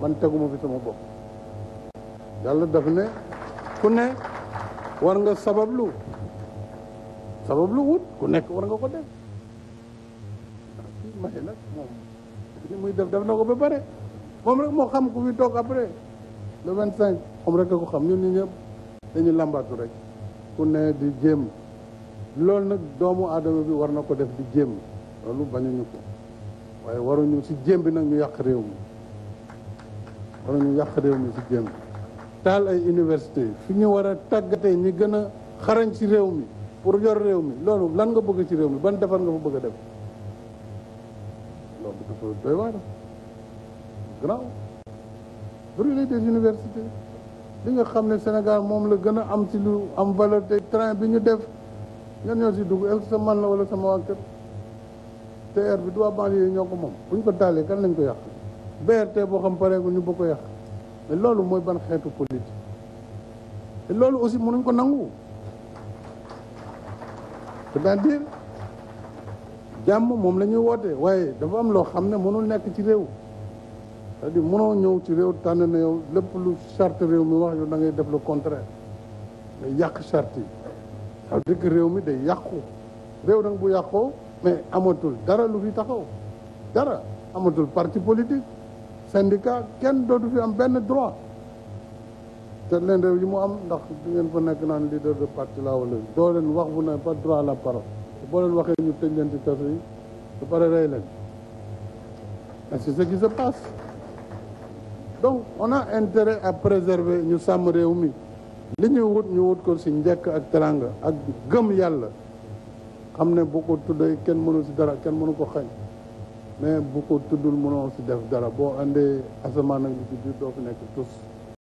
man teguma fi sama bopp yàlla daf ne ku ne war nga sabablu sabablu wut ku nekk war nga ko def maye nag moom muy def def na ko ba pare moom rek moo xam ku fi toog après le vingt cinq moom rek a ko xam ñun ñi ñëpp dañu làmbaatu rek ku ne di jéem loolu nag doomu aadama bi war na ko def di jéem loolu bañuñu ko waaye waruñu si jéem bi nag ñu yàq réew mi wala ñu yàq réew mi si génn taal université fi ñu war tàggatee ñi gën a xarañ ci réew mi pour yor réew mi loolu lan nga bëgg ci réew mi ban defar nga fa bëgg a def loolu dafa li nga xam ne Sénégal moom la gën a am ci lu am valeur te train bi ñu def ñan ñoo si dugg est man la wala sama waa kër TER bi du waa banlieue ñoo ko moom bu ñu ko taalee kan lañ ko yàq BRT boo xam pareegul ñu bëgg ko yàq loolu mooy ban xeetu politique loolu aussi mënuñ ko nangu c'est-à-dire jàmm moom la ñuy woote waaye dafa am loo xam ne mënul nekk ci réew cest di mënoo ñëw ci réew tànn na yow lépp lu charte réew mi wax yow da ngay def le contraire day yàq chart yi ça veut réew mi day yàqu réew nag bu yàqoo mais amatul dara lu fi taxaw dara amatul parti politique syndicat kenn dootu fi am benn droit te leen réew yi mu am ndax bi ngeen fa nekk naan leader de parti la wala doo leen wax bu ne pas droit à la parole boo leen waxee ñu tëj leen ci kaso yi ba pare rey leen et c'est ce qui se passe donc on a intérêt à préserver ñu sàmm réew mi li ñuy wut ñu wut ko ci njëkk ak teranga ak gëm yàlla xam ne boo ko tuddee kenn mënul ci dara kenn mënu ko xañ mais bu ko tuddul mënoo si def dara boo andee asamaan ak lu ci biir doo fi nekk tous